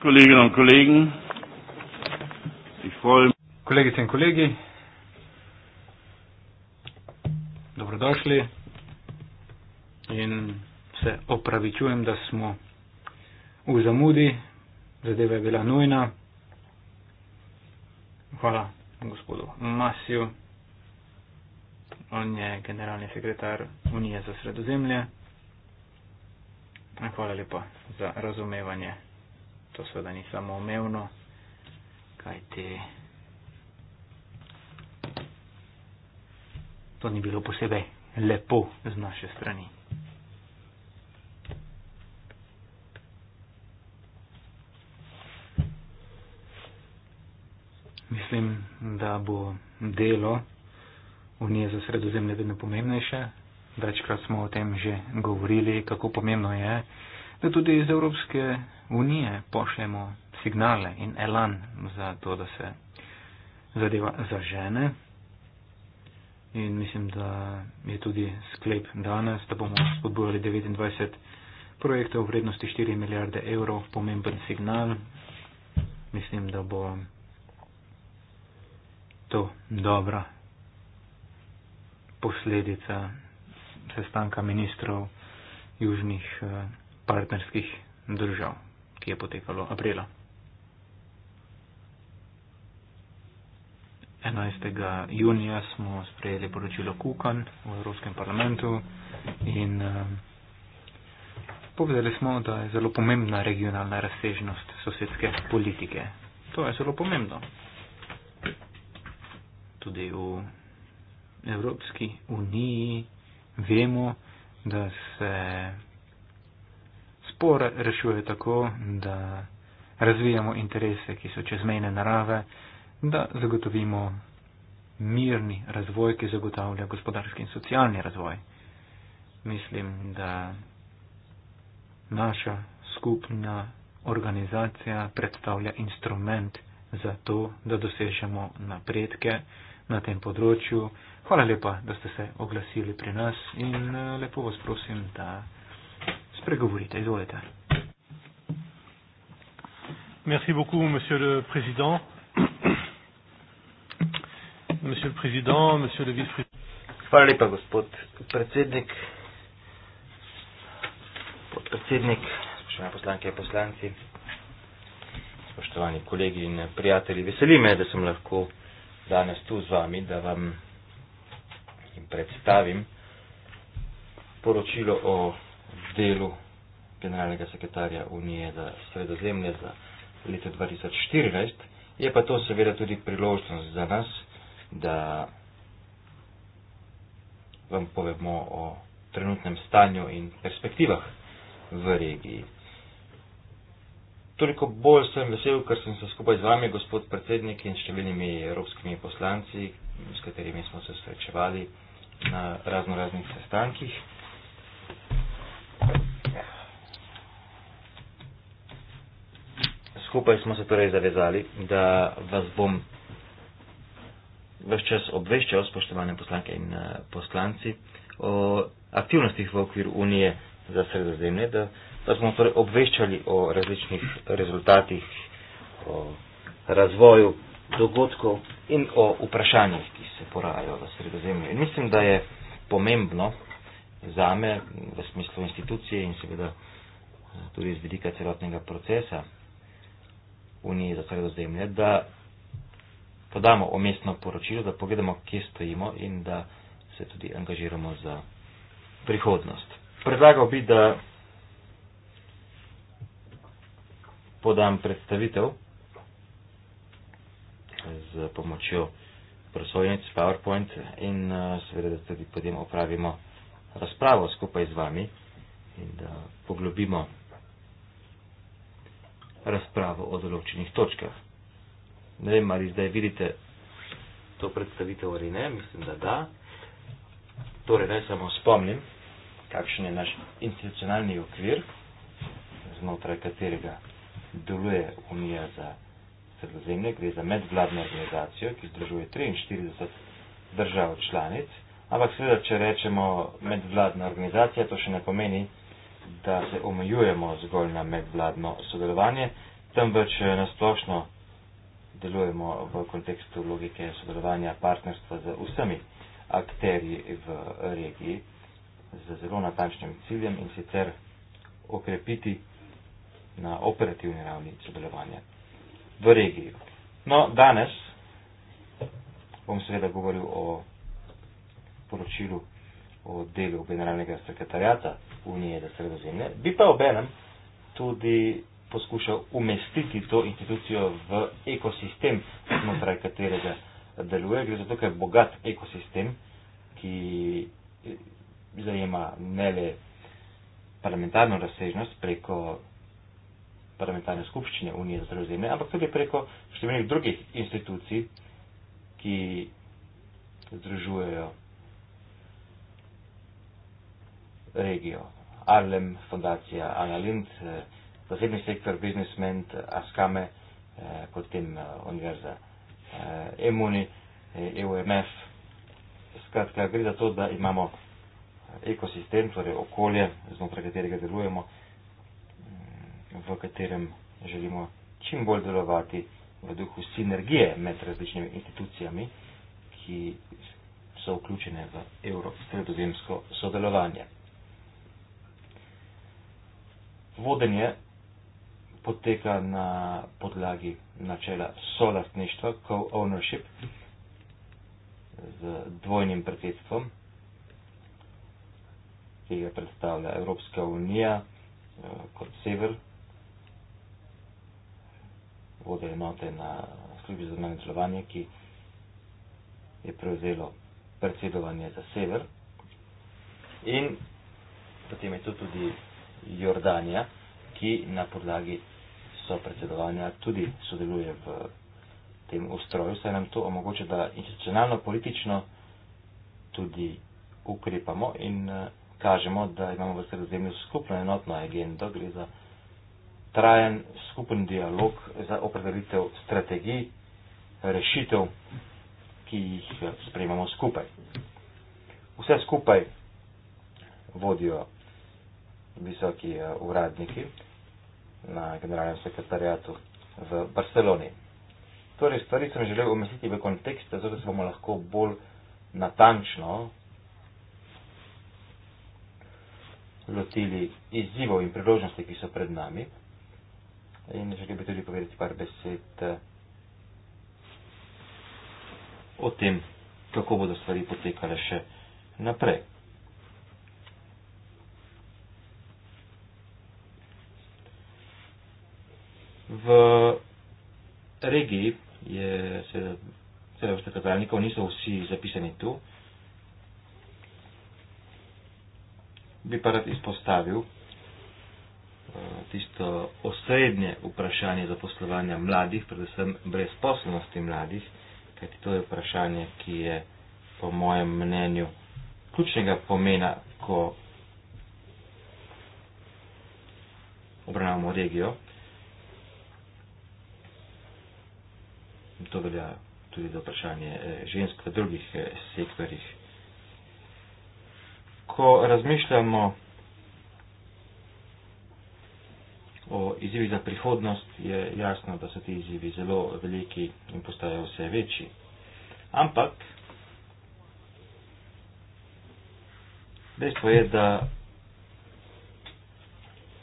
Kolleginnen und Kollegen, ich freue mich. Kolleginnen und Kollegen, dobrodošli. In se opravičujem, da smo v zamudi, zadeva je bila nujna. Hvala gospodu Masiju, on je generalni sekretar Unije za sredozemlje. Hvala lepa za razumevanje to seveda ni samo omevno, kaj te. To ni bilo posebej lepo z naše strani. Mislim, da bo delo Unije za sredozemlje vedno pomembnejše. Večkrat smo o tem že govorili, kako pomembno je, da tudi iz Evropske unije pošljemo signale in elan za to, da se zadeva zažene. In mislim, da je tudi sklep danes, da bomo spodbujali 29 projektov v vrednosti 4 milijarde evrov, pomemben signal. Mislim, da bo to dobra posledica sestanka ministrov južnih. Uh, partnerskih držav, ki je potekalo aprila. 11. junija smo sprejeli poročilo Kukan v Evropskem parlamentu in eh, povedali smo, da je zelo pomembna regionalna razsežnost sosedske politike. To je zelo pomembno. Tudi v Evropski uniji vemo, da se spor rešuje tako, da razvijamo interese, ki so čezmejne narave, da zagotovimo mirni razvoj, ki zagotavlja gospodarski in socialni razvoj. Mislim, da naša skupna organizacija predstavlja instrument za to, da dosežemo napredke na tem področju. Hvala lepa, da ste se oglasili pri nas in eh, lepo vas prosim, da spregovorite. Izvolite. Merci beaucoup, monsieur le président. Monsieur le président, monsieur le vice-président. Hvala lepa, gospod predsednik. Podpredsednik, spoštovane poslanke in poslanci, spoštovani kolegi in prijatelji. Veseli me, da sem lahko danes tu z vami, da vam predstavim poročilo o delu generalnega sekretarja Unije za sredozemlje za leto 2014, je pa to seveda tudi priložnost za nas, da vam povemo o trenutnem stanju in perspektivah v regiji. Toliko bolj sem vesel, ker sem se skupaj z vami, gospod predsednik in številnimi evropskimi poslanci, s katerimi smo se srečevali na razno raznih sestankih. Skupaj smo se torej zavezali, da vas bom vse čas obveščal, spoštovane poslanke in eh, poslanci, o aktivnostih v okviru Unije za sredozemlje, da, da smo torej obveščali o različnih rezultatih, o razvoju dogodkov in o vprašanjih, ki se porajajo v sredozemlju. In mislim, da je pomembno, zame v smislu institucije in seveda eh, tudi iz vidika celotnega procesa Unije za sredo zemlje, da podamo omestno poročilo, da pogledamo, kje stojimo in da se tudi angažiramo za prihodnost. Predlagal bi, da podam predstavitev z pomočjo prosojnic PowerPoint in eh, seveda, da tudi potem opravimo razpravo skupaj z vami in da poglobimo razpravo o določenih točkah. Ne vem, ali zdaj vidite to predstavitev ali ne, mislim, da da. Torej, naj samo spomnim, kakšen je naš institucionalni okvir, znotraj katerega deluje Unija za sredozemlje, gre za medvladno organizacijo, ki združuje 43 držav članic Ampak seveda, če rečemo medvladna organizacija, to še ne pomeni, da se omejujemo zgolj na medvladno sodelovanje, temveč eh, nasplošno delujemo v kontekstu logike sodelovanja partnerstva z vsemi akterji v regiji z zelo natančnim ciljem in sicer okrepiti na operativni ravni sodelovanja v regiji. No, danes bom seveda govoril o poročilu o delu generalnega sekretarjata Unije za sredozemlje, bi pa obenem tudi poskušal umestiti to institucijo v ekosistem, znotraj katerega deluje. Gre za dokaj bogat ekosistem, ki eh, zajema ne le parlamentarno razsežnost preko parlamentarne skupščine Unije za sredozemlje, ampak tudi preko številnih drugih institucij, ki združujejo regijo. Arlem, fundacija Analind, eh, zasebni sektor, biznismen, eh, Askame, eh, potem univerza Emuni, EUMF. E Skratka, gre za to, da imamo ekosistem, torej okolje, znotraj katerega delujemo, mm, v katerem želimo čim bolj delovati v duhu sinergije med različnimi institucijami, ki so vključene v evropsko sredozemsko sodelovanje vodenje poteka na podlagi načela solastništva, co-ownership, z dvojnim predsedstvom, ki ga predstavlja Evropska unija eh, kot sever, vode enote na službi za zunanje delovanje, ki je prevzelo predsedovanje za sever. In potem je to tudi Jordanija, ki na podlagi so predsedovanja tudi sodeluje v tem ustroju, saj nam to omogoča, da institucionalno, politično tudi ukrepamo in eh, kažemo, da imamo v sredozemlju skupno enotno agendo, gre za trajen skupen dialog za opredelitev strategij, rešitev, ki jih eh, sprejemamo skupaj. Vse skupaj vodijo visoki eh, uradniki na generalnem sekretarijatu v Barceloni. Torej, stvari sem želel umestiti v kontekst, zato da se bomo lahko bolj natančno lotili izzivov in priložnosti, ki so pred nami. In želel bi tudi povedati par besed eh, o tem, kako bodo stvari potekale še naprej. v regiji je seveda vrsta kazalnikov, niso vsi zapisani tu. Bi pa rad izpostavil eh, tisto osrednje vprašanje zaposlovanja mladih, predvsem brezposobnosti mladih, kajti to je vprašanje, ki je po mojem mnenju ključnega pomena, ko obravnavamo regijo. to velja tudi za vprašanje eh, žensk v drugih eh, sektorjih. Ko razmišljamo o izzivih za prihodnost, je jasno, da so ti izzivi zelo veliki in postajajo vse večji. Ampak dejstvo je, da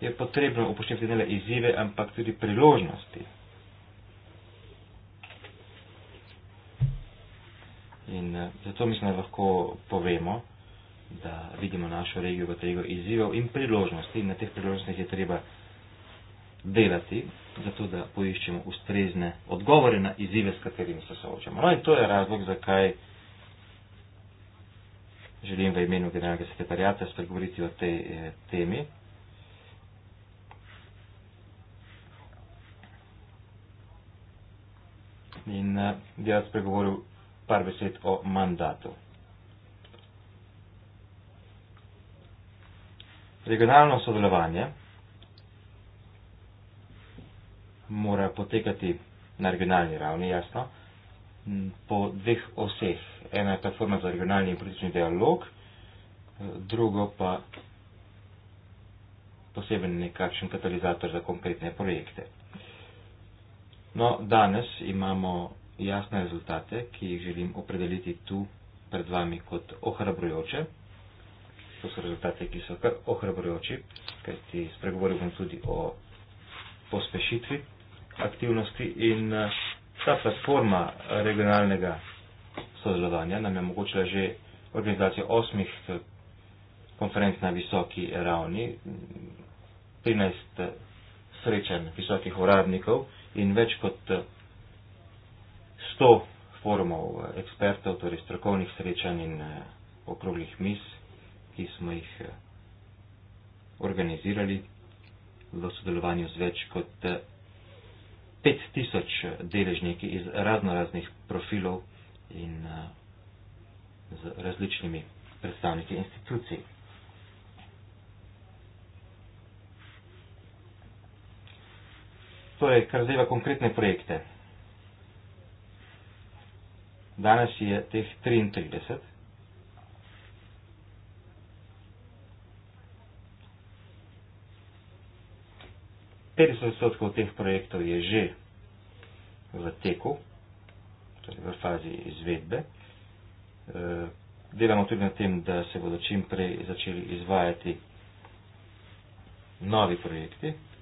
je potrebno upoštevati ne le izzive, ampak tudi priložnosti. In eh, zato mislim, da lahko povemo, da vidimo našo regijo kot regijo izzivov in priložnosti. In na teh priložnostih je treba delati, zato da poiščemo ustrezne odgovore na izzive, s katerimi se soočamo. No in to je razlog, zakaj želim v imenu generalnega sekretarjata spregovoriti o tej eh, temi. In eh, bi rad spregovoril par besed o mandatu. Regionalno sodelovanje mora potekati na regionalni ravni, jasno, po dveh oseh. Ena je ta forma za regionalni in politični dialog, drugo pa poseben nekakšen katalizator za konkretne projekte. No, danes imamo jasne rezultate, ki jih želim opredeliti tu pred vami kot ohrabrujoče. To so rezultate, ki so kar ohrabrujoči, ker ti spregovoril bom tudi o pospešitvi aktivnosti in eh, ta platforma eh, regionalnega sodelovanja nam je omogočila že organizacijo osmih eh, konferenc na visoki ravni, 13 srečanj visokih uradnikov in več kot sto forumov eh, ekspertov, torej strokovnih srečanj in eh, okroglih mis, ki smo jih eh, organizirali v sodelovanju z več kot 5000 deležniki iz razno raznih profilov in z različnimi predstavniki institucij. Torej, kar zadeva konkretne projekte danes je teh 33. odstotkov teh projektov je že v teku, torej v fazi izvedbe. Eh, delamo tudi na tem, da se bodo čim prej začeli izvajati novi projekti.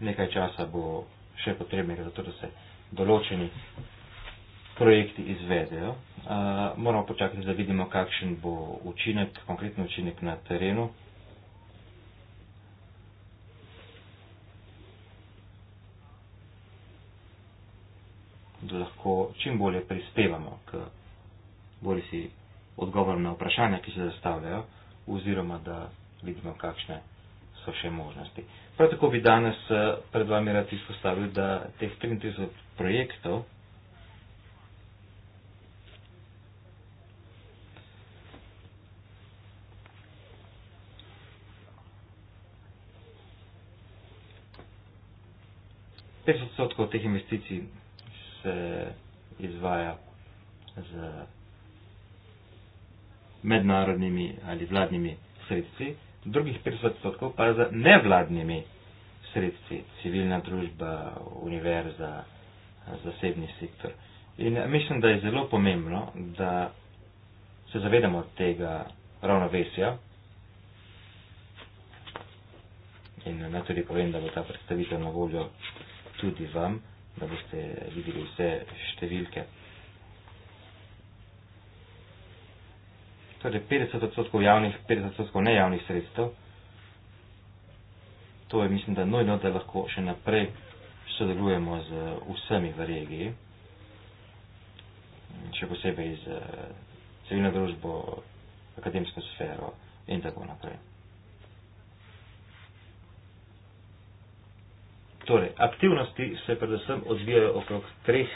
nekaj časa bo še potrebnega, zato da se določeni projekti izvedejo. Uh, moramo počakati, da vidimo, kakšen bo učinek, konkretni učinek na terenu. Da lahko čim bolje prispevamo k bolj si odgovorom na vprašanja, ki se zastavljajo, oziroma da vidimo, kakšne so še možnosti. Prav tako bi danes eh, pred vami rad izpostavil, da teh 33 projektov odstotkov teh investicij se izvaja z mednarodnimi ali vladnimi sredstvi, drugih 50 odstotkov pa z nevladnimi sredstvi, civilna družba, univerza, zasebni sektor. In eh, mislim, da je zelo pomembno, da se zavedamo tega ravnovesja. In eh, naj tudi povem, da bo ta predstavitev na voljo tudi vam, da boste videli vse številke. torej 50 odstotkov javnih, 50 odstotkov nejavnih sredstev. To je mislim, da nojno, da lahko še naprej sodelujemo z vsemi v regiji, še posebej z eh, civilno družbo, akademsko sfero in tako naprej. Torej, aktivnosti se predvsem odvijajo okrog treh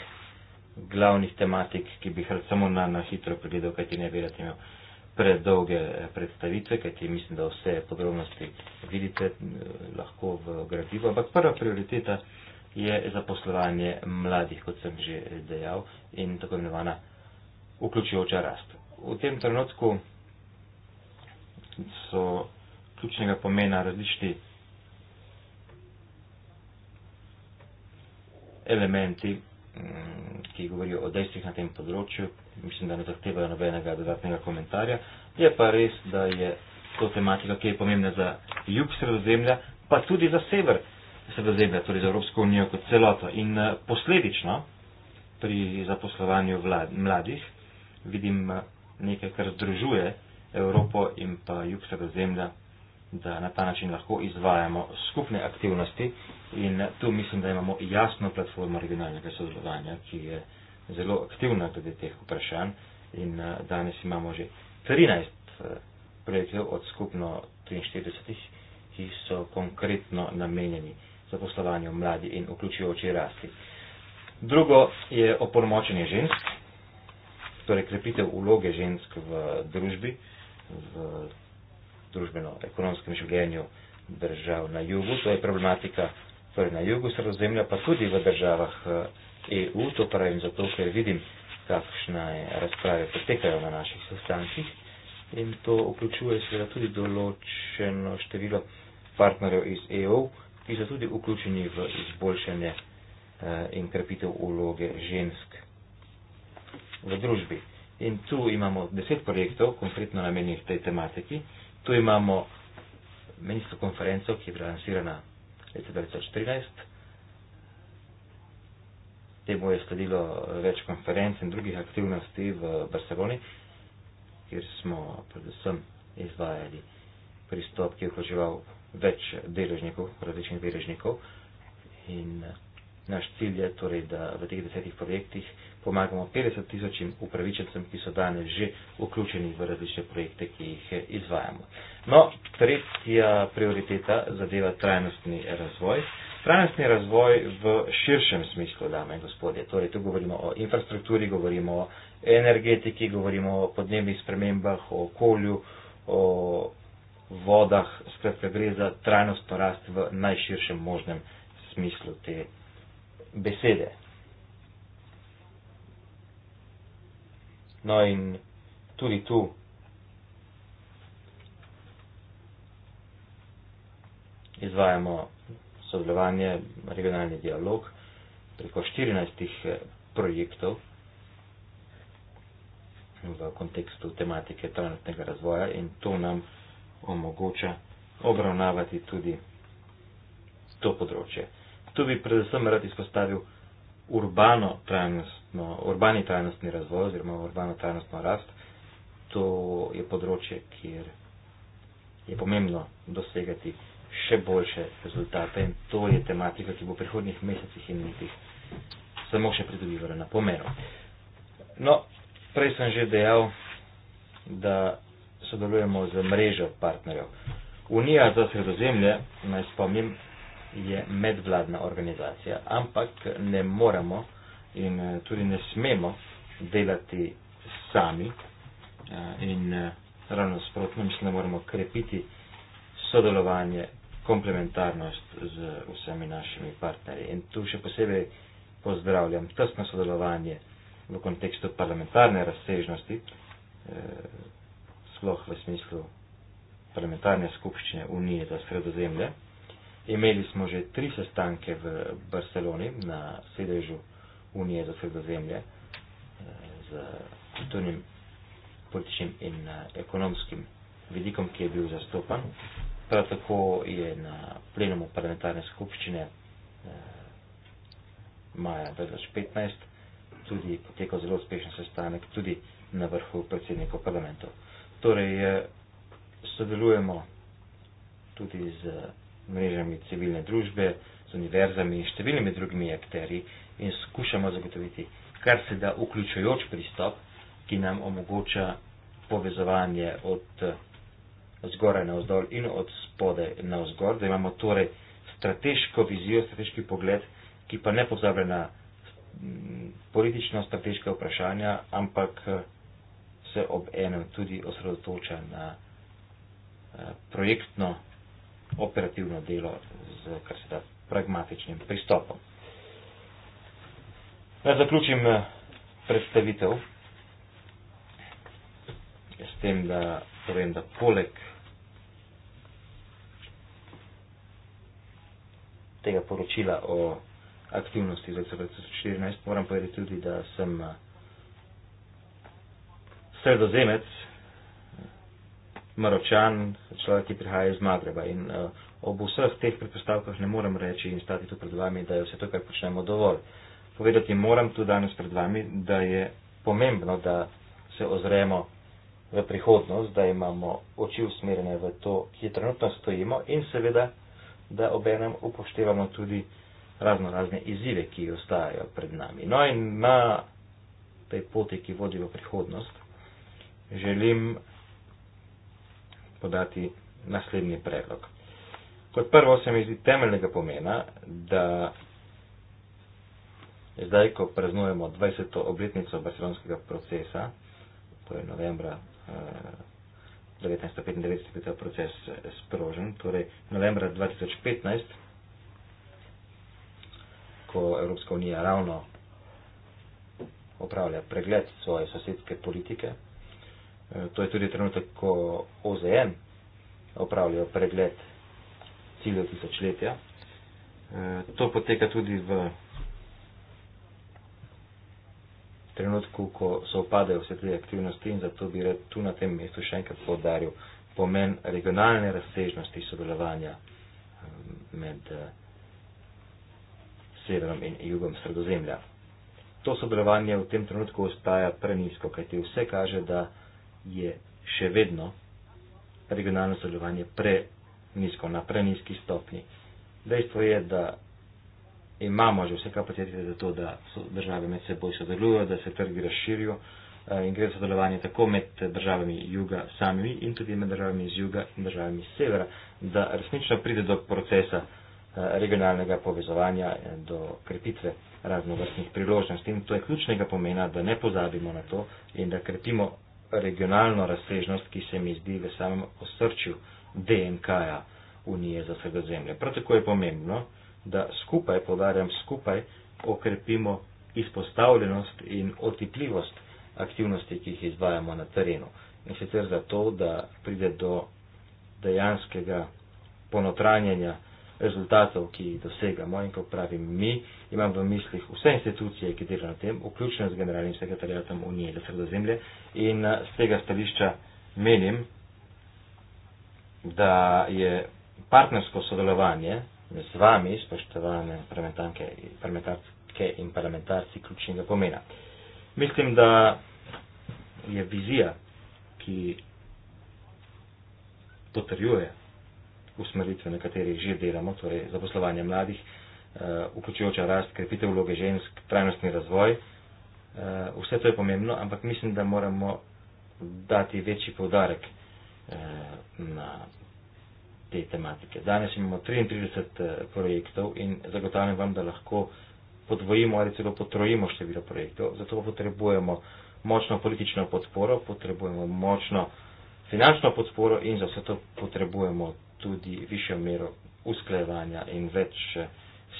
glavnih tematik, ki bi jih rad samo na, na hitro pregledal, kaj ti ne verjate imel. Uh, predolge eh, predstavitve, kajti mislim, da vse podrobnosti vidite eh, lahko v gradivu, ampak prva prioriteta je zaposlovanje mladih, kot sem že dejal, in tako imenovana vključujoča rast. V tem trenutku so ključnega pomena različni elementi Mm, ki govorijo o dejstvih na tem področju, mislim, da ne zahtevajo nobenega dodatnega komentarja. Je pa res, da je to tematika, ki je pomembna za jug sredozemlja, pa tudi za sever sredozemlja, torej za Evropsko unijo kot celoto. In eh, posledično pri zaposlovanju vlad, mladih vidim eh, nekaj, kar združuje Evropo in pa jug sredozemlja da na ta način lahko izvajamo skupne aktivnosti in tu mislim, da imamo jasno platformo regionalnega sodelovanja, ki je zelo aktivna glede teh vprašanj in eh, danes imamo že 13 eh, projektov od skupno 43, ki so konkretno namenjeni za poslovanje mladi in vključujoči rasti. Drugo je opolnomočenje žensk, torej krepitev uloge žensk v družbi, v družbeno-ekonomskem življenju držav na jugu. To je problematika torej na jugu sredozemlja, pa tudi v državah EU. Eh, e to pravim zato, ker vidim, kakšne razprave potekajo na naših sestankih in to vključuje seveda tudi določeno število partnerjev iz EU, ki so tudi vključeni v izboljšanje eh, in krepitev uloge žensk v družbi. In tu imamo deset projektov, konkretno namenjenih tej tematiki. Tu imamo medijsku konferenciju koja je relansirana 2014. Temu je sledilo več konferenc in drugih aktivnosti v Barceloni, kjer smo predvsem izvajali pristop, ki je vloževal več deležnikov, različnih deležnikov. In naš cilj je torej, da v teh desetih projektih pomagamo 50 tisočim upravičencem, ki so danes že vključeni v različne projekte, ki jih eh, izvajamo. No, tretja prioriteta zadeva trajnostni razvoj. Trajnostni razvoj v širšem smislu, dame in gospodje. Torej, tu govorimo o infrastrukturi, govorimo o energetiki, govorimo o podnebnih spremembah, o okolju, o vodah, skratka gre za trajnostno rast v najširšem možnem smislu te besede. No in tudi tu izvajamo sodelovanje, regionalni dialog preko 14 eh, projektov v kontekstu tematike trenutnega razvoja in to nam omogoča obravnavati tudi to področje. Tu bi predvsem rad izpostavil urbano trajnostno, urbani trajnostni razvoj oziroma urbano trajnostno rast, to je področje, kjer je pomembno dosegati še boljše rezultate in to je tematika, ki bo v prihodnjih mesecih in letih samo še pridobivala na pomenu. No, prej sem že dejal, da sodelujemo z mrežo partnerjev. Unija za sredozemlje, naj spomnim, je medvladna organizacija, ampak ne moramo in eh, tudi ne smemo delati sami eh, in eh, ravno sprotno mislim, da moramo krepiti sodelovanje, komplementarnost z vsemi našimi partnerji. In tu še posebej pozdravljam tesno sodelovanje v kontekstu parlamentarne razsežnosti, sploh v smislu parlamentarne skupščine Unije za sredozemlje. Imeli smo že tri sestanke v Barceloni na sedežu Unije za sredozemlje eh, z kulturnim, političnim in eh, ekonomskim vidikom, ki je bil zastopan. Prav tako je na plenumu parlamentarne skupščine eh, maja 2015 tudi potekal zelo uspešen sestanek tudi na vrhu predsednikov parlamentov. Torej, sodelujemo tudi z mrežami civilne družbe, z univerzami in številnimi drugimi akteri in skušamo zagotoviti kar se da vključujoč pristop, ki nam omogoča povezovanje od zgoraj na vzdolj in od spode na vzgor, da imamo torej strateško vizijo, strateški pogled, ki pa ne pozabra na mm, politično-strateške vprašanja, ampak se ob enem tudi osredotoča na eh, projektno operativno delo z kar se da pragmatičnim pristopom. Na zaključim eh, predstavitev s tem, da povem, da poleg tega poročila o aktivnosti za 2014 moram povedati tudi, da sem eh, sredozemec, Maročan, človek, ki prihaja iz Magreba. In uh, ob vseh teh predpostavkah ne morem reči in stati tu pred vami, da je vse to, kar počnemo, dovolj. Povedati moram tu danes pred vami, da je pomembno, da se ozremo v prihodnost, da imamo oči usmerjene v to, ki je trenutno stojimo in seveda, da obenem upoštevamo tudi razno razne izzive, ki ostajajo pred nami. No in na tej poti, ki vodi v prihodnost, želim podati naslednji predlog. Kot prvo se mi zdi temeljnega pomena, da zdaj, ko praznujemo 20. obletnico barcelonskega procesa, to je novembra 1995, eh, ko je ta proces eh, sprožen, torej novembra 2015, ko Evropska unija ravno opravlja pregled svoje sosedske politike, Eh, to je tudi trenutek, ko OZN opravljajo pregled ciljev tisočletja. Eh, to poteka tudi v trenutku, ko se opadajo vse te aktivnosti in zato bi red tu na tem mestu še enkrat podaril pomen regionalne razsežnosti sodelovanja eh, med severom in jugom sredozemlja. To sodelovanje v tem trenutku ostaja prenisko, kajti vse kaže, da je še vedno regionalno sodelovanje pre nizko, na pre nizki stopni. Dejstvo je, da imamo že vse kapacitete za to, da države med seboj sodelujo, da se trgi razširijo eh, in gre za sodelovanje tako med državami juga samimi in tudi med državami iz juga in državami iz severa, da resnično pride do procesa eh, regionalnega povezovanja, eh, do krepitve raznovrstnih priložnosti. In to je ključnega pomena, da ne pozabimo na to in da krepimo regionalno razsežnost, ki se mi zdi v samem osrčju DNK-ja Unije za vsega zemlje. Prav tako je pomembno, da skupaj, povdarjam, skupaj okrepimo izpostavljenost in otipljivost aktivnosti, ki jih izvajamo na terenu. In sicer zato, da pride do dejanskega ponotranjanja rezultatov, ki jih dosegamo in ko pravim mi, imam v mislih vse institucije, ki delajo na tem, vključno z generalnim sekretarjatom Unije za sredozemlje in z eh, tega stališča menim, da je partnersko sodelovanje z vami, spoštovane parlamentarke in parlamentarci, ključnega pomena. Mislim, da je vizija, ki potrjuje usmeritve, na kateri že delamo, torej zaposlovanje mladih, eh, vključujoča rast, krepitev vloge žensk, trajnostni razvoj. Eh, vse to je pomembno, ampak mislim, da moramo dati večji povdarek eh, na te tematike. Danes imamo 33 projektov in zagotavljam vam, da lahko podvojimo ali celo potrojimo število projektov. Zato potrebujemo močno politično podporo, potrebujemo močno finančno podporo in za vse to potrebujemo tudi višjo mero usklajevanja in več eh,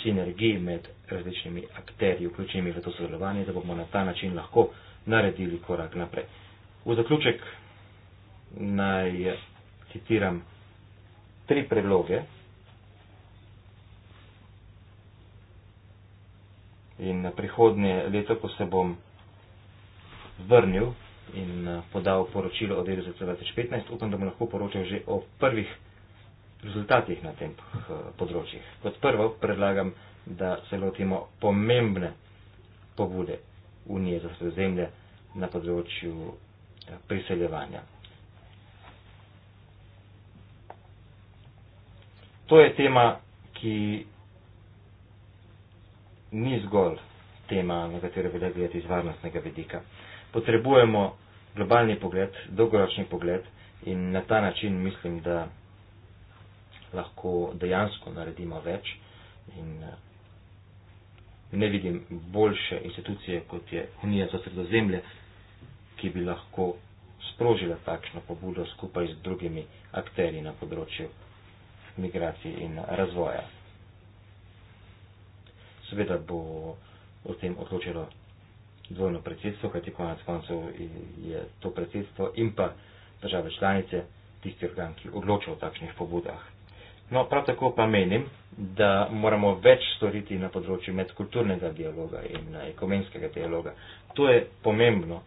sinergij med različnimi akterji, vključenimi v to sodelovanje, da bomo na ta način lahko naredili korak naprej. V zaključek naj citiram tri predloge in na prihodnje leto, ko se bom vrnil in eh, podal poročilo o delu za 2015, upam, da bom lahko poročal že o prvih predlogih rezultatih na tem eh, področjih. Kot prvo predlagam, da se lotimo pomembne pobude Unije za sredozemlje na področju eh, priseljevanja. To je tema, ki ni zgolj tema, na katero velja gledati iz varnostnega vidika. Potrebujemo globalni pogled, dolgoročni pogled in na ta način mislim, da lahko dejansko naredimo več in eh, ne vidim boljše institucije, kot je Unija za sredozemlje, ki bi lahko sprožila takšno pobudo skupaj z drugimi akteri na področju migracij in razvoja. Seveda bo o tem odločilo dvojno predsedstvo, kajti konec koncev je to predsedstvo in pa države članice tisti organ, ki odloča o takšnih pobudah. No, prav tako pa menim, da moramo več storiti na področju medkulturnega dialoga in eh, ekomenskega dialoga. To je pomembno,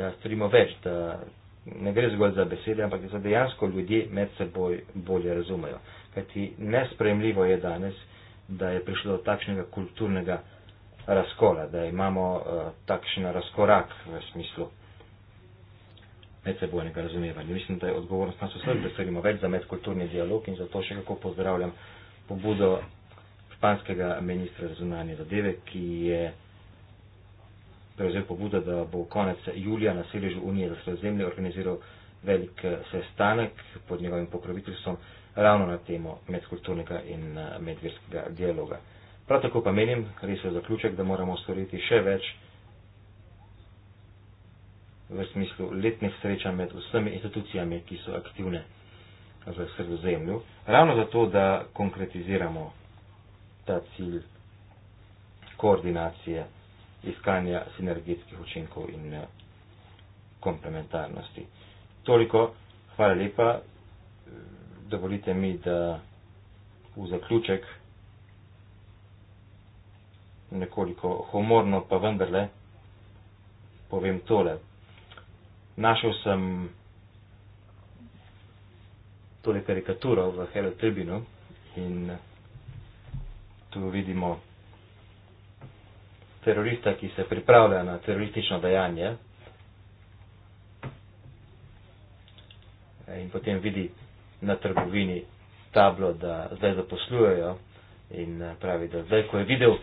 da storimo več, da ne gre zgolj za besede, ampak da se dejansko ljudje med seboj bolje razumejo. Kajti nespremljivo je danes, da je prišlo do takšnega kulturnega razkola, da imamo uh, takšen razkorak v smislu medsebojnega razumevanja. Mislim, da je odgovornost nas vseh, da se več za medkulturni dialog in zato še kako pozdravljam pobudo španskega ministra zunanje zadeve, ki je prevzel pobudo, da bo konec julija na sedežu Unije za sredozemlje organiziral velik eh, sestanek pod njegovim pokroviteljstvom ravno na temo medkulturnega in eh, medvirskega dialoga. Prav tako pa menim, res je zaključek, da moramo storiti še več v smislu letnih srečanj med vsemi institucijami, ki so aktivne za sredozemlju, ravno zato, da konkretiziramo ta cilj koordinacije, iskanja sinergetskih učinkov in eh, komplementarnosti. Toliko, hvala lepa, dovolite mi, da v zaključek nekoliko humorno pa vendarle povem tole našel sem tole karikaturo v Herald Tribune in tu vidimo terorista, ki se pripravlja na teroristično dejanje in potem vidi na trgovini tablo, da zdaj zaposlujejo in eh, pravi, da zdaj, ko je videl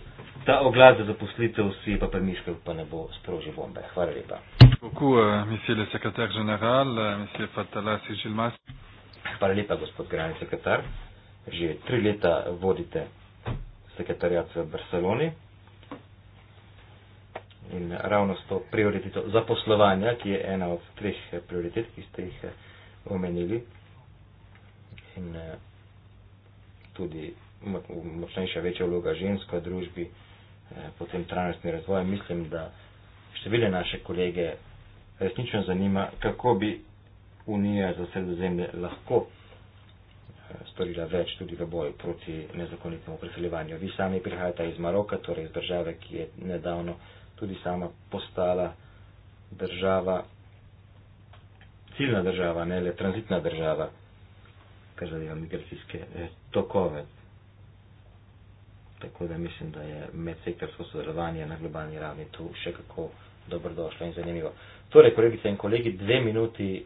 ta oglas za zaposlitev, si pa premislil, pa ne bo sprožil bombe. Hvala lepa beaucoup, euh, Monsieur le Secrétaire Général, euh, Monsieur Fatala Sigilmas. Hvala lepa, gospod Grani sekretar. Že tri leta vodite sekretarjat v Barceloni. In ravno s to prioriteto zaposlovanja, ki je ena od treh prioritet, ki ste jih eh, omenili, in eh, tudi močnejša, večja vloga ženske družbi, eh, potem trajnostni razvoj, mislim, da številne naše kolege resnično zanima, kako bi Unija za sredozemlje lahko eh, storila več tudi v boju proti nezakonitemu preseljevanju. Vi sami prihajate iz Maroka, torej iz države, ki je nedavno tudi sama postala država, ciljna država, ne le tranzitna država, kar zadeva migracijske eh, tokove. Tako da mislim, da je medsektorsko sodelovanje na globalni ravni tu še kako dobrodošlo in zanimivo. Torej, kolegice in kolegi, dve minuti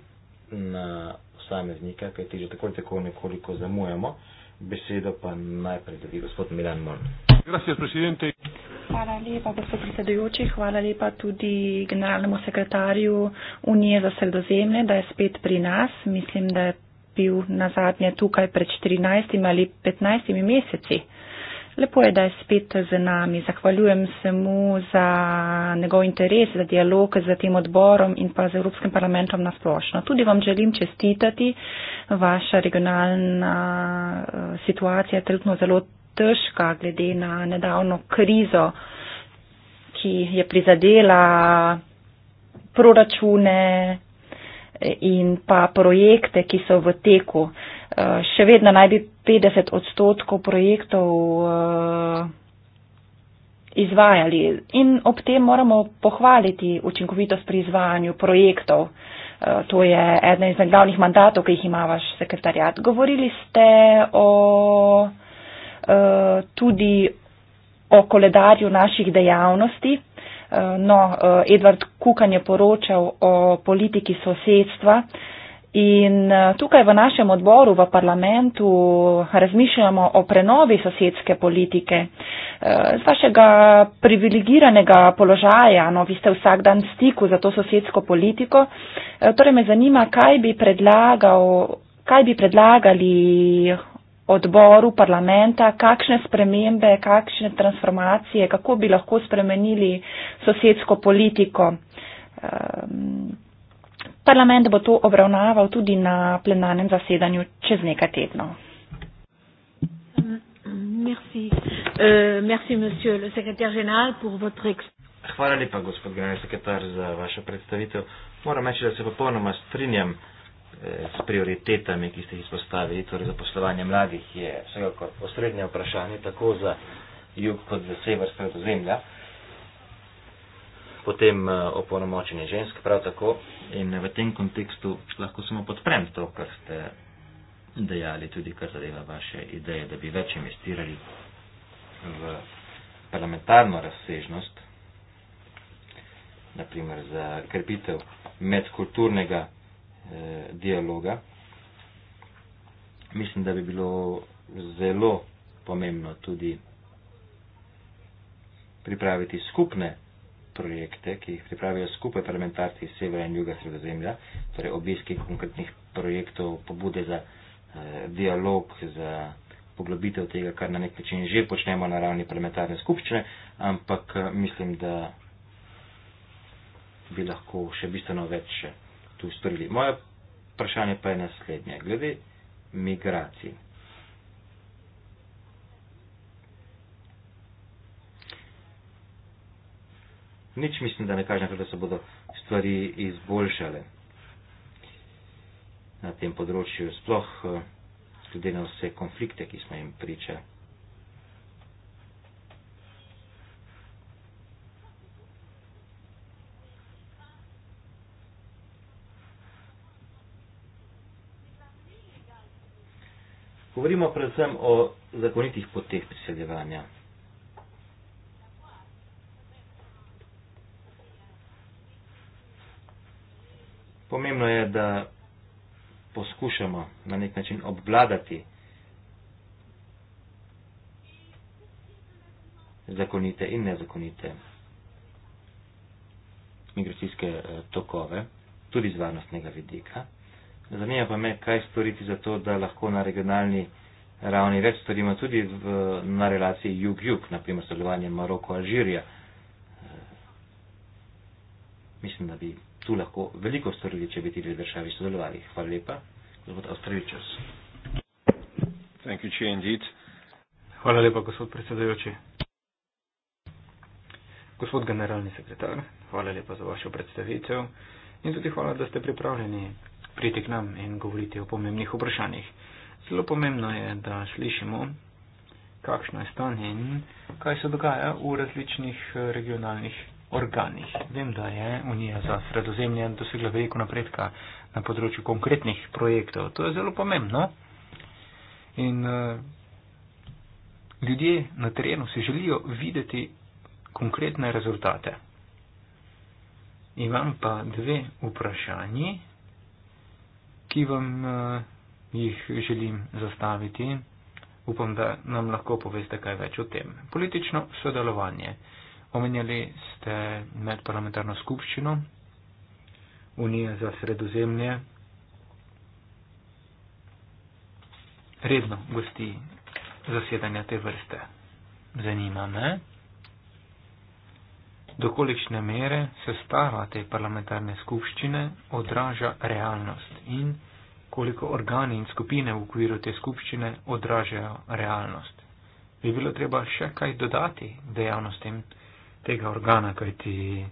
na posameznika, kaj ti že tako in tako nekoliko zamujamo. Besedo pa najprej dobi gospod Milan Morn. Hvala lepa, gospod predsedujoči. Hvala lepa tudi generalnemu sekretarju Unije za sredozemlje, da je spet pri nas. Mislim, da je bil nazadnje tukaj pred 14 ali 15 meseci. Uh, Lepo je, da je spet z nami. Zahvaljujem se mu za njegov interes, za dialog z tem odborom in pa z Evropskim parlamentom nasplošno. Tudi vam želim čestitati. Vaša regionalna eh, situacija je trenutno zelo težka glede na nedavno krizo, ki je prizadela proračune in pa projekte, ki so v teku. Uh, Eh, še vedno naj bi 50 odstotkov projektov eh, izvajali. In ob tem moramo pohvaliti učinkovitost pri izvajanju projektov. Eh, to je eden izmed glavnih mandatov, ki jih ima vaš sekretarjat. Govorili ste o, tudi o koledarju naših dejavnosti. No, Edward Kukan je poročal o politiki sosedstva. In eh, tukaj v našem odboru, v parlamentu, razmišljamo o prenovi sosedske politike. Eh, z vašega privilegiranega položaja, no, vi ste vsak dan v stiku za to sosedsko politiko, eh, torej me zanima, kaj bi, kaj bi predlagali odboru parlamenta, kakšne spremembe, kakšne transformacije, kako bi lahko spremenili sosedsko politiko. Um, Parlament bo to obravnaval tudi na plenarnem zasedanju čez nekaj tednov. Euh, Hvala lepa, gospod generalni sekretar, za vašo predstavitev. Moram reči, da se popolnoma strinjam eh, s prioritetami, ki ste jih izpostavili. Torej, zaposlovanje mladih je vsekakor osrednje vprašanje tako za jug kot za sever sredozemlja potem eh, opolnomočenje žensk, prav tako. In v tem kontekstu lahko samo podprem to, kar ste dejali, tudi kar zadeva vaše ideje, da bi več investirali v parlamentarno razsežnost, naprimer za krepitev medkulturnega eh, dialoga. Mislim, da bi bilo zelo pomembno tudi pripraviti skupne projekte, ki jih pripravijo skupaj parlamentarci iz severa in juga sredozemlja, torej obiski konkretnih projektov, pobude za eh, dialog, za poglobitev tega, kar na nek način že počnemo na ravni parlamentarne skupščine, ampak eh, mislim, da bi lahko še bistveno več tu storili. Moje vprašanje pa je naslednje. Glede migracij. nič mislim, da ne kaže, da se bodo stvari izboljšale na tem področju, sploh eh, glede na vse konflikte, ki smo jim priča. Govorimo predvsem o zakonitih poteh priseljevanja. da poskušamo na nek način obvladati zakonite in nezakonite migracijske eh, tokove, tudi z varnostnega vidika. Zanima pa me, kaj storiti za to, da lahko na regionalni ravni več storimo tudi v, na relaciji jug-jug, naprimer sodelovanje Maroko-Alžirija. Eh, mislim, da bi tu lahko veliko storili, če bi ti dve državi sodelovali. Hvala lepa, gospod Avstraličus. Hvala lepa, gospod predsedujoči. Gospod generalni sekretar, hvala lepa za vašo predstavitev in tudi hvala, da ste pripravljeni priti k nam in govoriti o pomembnih vprašanjih. Zelo pomembno je, da slišimo, kakšno je stanje in kaj se dogaja v različnih eh, regionalnih organih. Vem, da je Unija za sredozemlje dosegla veliko napredka na področju konkretnih projektov. To je zelo pomembno. In uh, ljudje na terenu si želijo videti konkretne rezultate. Imam pa dve vprašanji, ki vam uh, jih želim zastaviti. Upam, da nam lahko poveste kaj več o tem. Politično sodelovanje. Uh, Omenjali ste medparlamentarno skupščino Unije za sredozemlje. Redno gosti zasedanja te vrste. Zanima me, dokolikšne mere sestava te parlamentarne skupščine odraža realnost in koliko organi in skupine v okviru te skupščine odražajo realnost. Bi bilo treba še kaj dodati dejavnostem? tega organa, kajti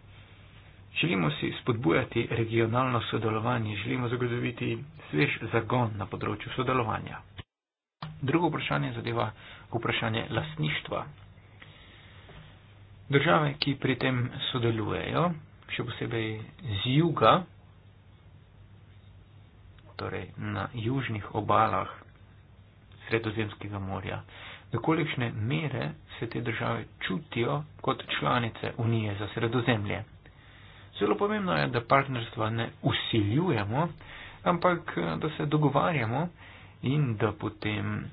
želimo si spodbujati regionalno sodelovanje, želimo zagotoviti svež zagon na področju sodelovanja. Drugo vprašanje zadeva vprašanje lasništva. Države, ki pri tem sodelujejo, še posebej z juga, torej na južnih obalah Sredozemskega morja, do kolikšne mere se te države čutijo kot članice Unije za sredozemlje. Zelo pomembno je, da partnerstva ne usiljujemo, ampak da se dogovarjamo in da potem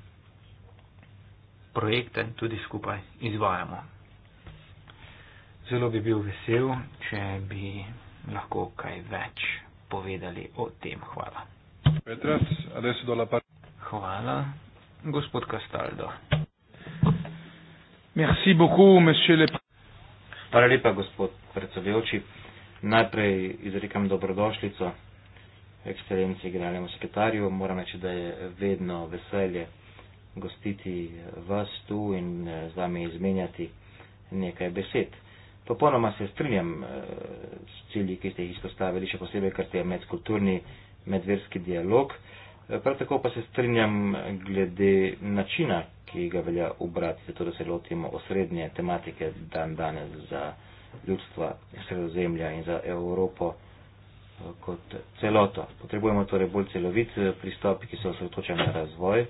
projekte tudi skupaj izvajamo. Zelo bi bil vesel, če bi lahko kaj več povedali o tem. Hvala. Petras, Hvala gospod Kastaldo. Merci beaucoup, monsieur le président. Hvala lepa, gospod predsedujoči. Najprej izrekam dobrodošlico ekscelenciji generalnemu sekretarju. Moram reči, da je vedno veselje gostiti vas tu in eh, z vami izmenjati nekaj besed. Popolnoma se strinjam eh, s cilji, ki ste jih izpostavili, še posebej, ker je medkulturni, medverski dialog. Uh, Prav tako pa se strinjam glede načina, ki ga velja obrati, zato da se lotimo osrednje tematike dan danes za ljudstva sredozemlja in za Evropo eh, kot celoto. Potrebujemo torej bolj celovit eh, pristop, ki se osredotoča na razvoj eh,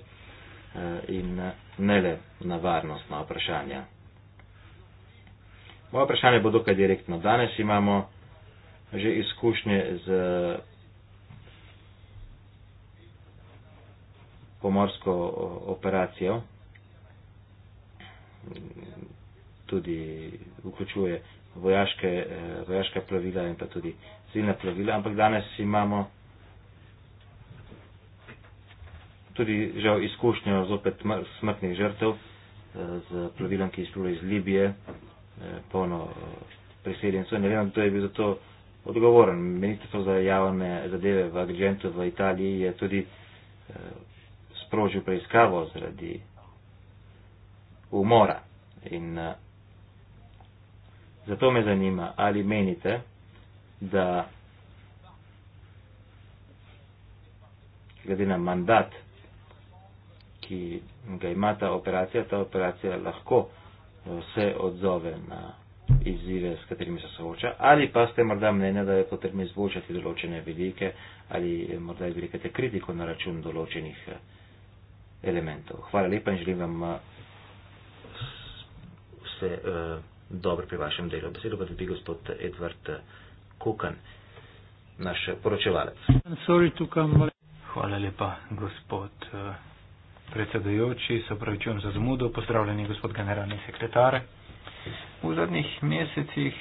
in ne le na varnostna vprašanja. Moje vprašanje bo dokaj direktno. Danes imamo že izkušnje z pomorsko operacijo, tudi vključuje vojaške, eh, vojaška plavila in pa tudi civilna plavila, ampak danes imamo tudi žal izkušnjo zopet smrtnih žrtev eh, z plavilom, ki je izplul iz Libije, eh, polno priseljencev. Ne vem, kdo je bil za to odgovoren. Ministrstvo za javne zadeve v Agrigentu v Italiji je tudi sprožil preiskavo zaradi umora. In eh, zato me zanima, ali menite, da glede na mandat, ki ga ima ta operacija, ta operacija lahko eh, se odzove na izzive, s katerimi se sooča, ali pa ste morda mnenja, da je potrebno izboljšati določene velike ali eh, morda izrekate kritiko na račun določenih. Eh, elementov. Hvala lepa in želim vam eh, vse uh, dobro pri vašem delu. Besedo pa dobi gospod Edvard eh, Kukan, naš poročevalec. Hvala lepa, gospod uh, predsedujoči, se opravičujem za zamudo, pozdravljeni gospod generalni sekretar. V zadnjih mesecih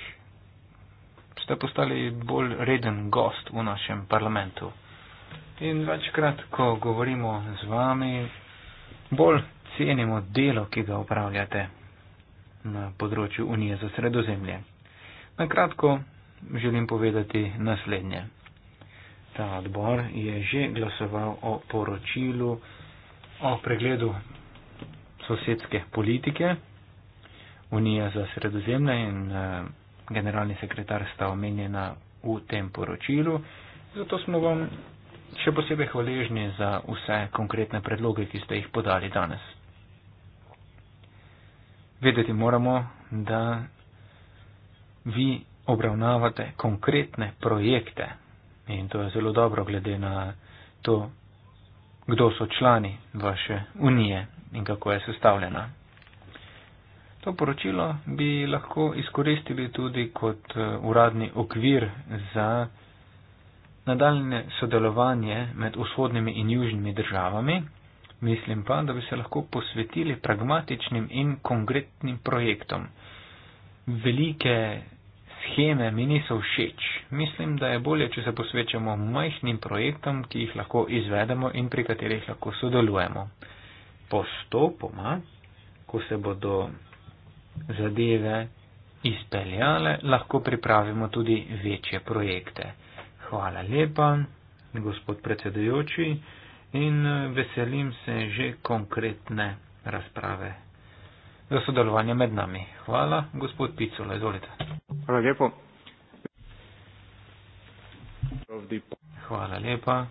ste postali bolj reden gost v našem parlamentu. In večkrat, ko govorimo z vami, bolj cenimo delo, ki ga upravljate na področju Unije za sredozemlje. Na kratko želim povedati naslednje. Ta odbor je že glasoval o poročilu o pregledu sosedske politike Unije za sredozemlje in eh, generalni sekretar sta omenjena v tem poročilu. Zato smo vam še posebej hvaležni za vse konkretne predloge, ki ste jih podali danes. Vedeti moramo, da vi obravnavate konkretne projekte in to je zelo dobro glede na to, kdo so člani vaše unije in kako je sestavljena. To poročilo bi lahko izkoristili tudi kot eh, uradni okvir za nadaljne sodelovanje med vzhodnimi in južnimi državami, mislim pa, da bi se lahko posvetili pragmatičnim in konkretnim projektom. Velike scheme mi niso všeč. Mislim, da je bolje, če se posvečamo majhnim projektom, ki jih lahko izvedemo in pri katerih lahko sodelujemo. Postopoma, ko se bodo zadeve izpeljale, lahko pripravimo tudi večje projekte. Hvala lepa, gospod predsedujoči, in eh, veselim se že konkretne razprave za sodelovanje med nami. Hvala, gospod Picolo, izvolite. Hvala lepo. Hvala lepa.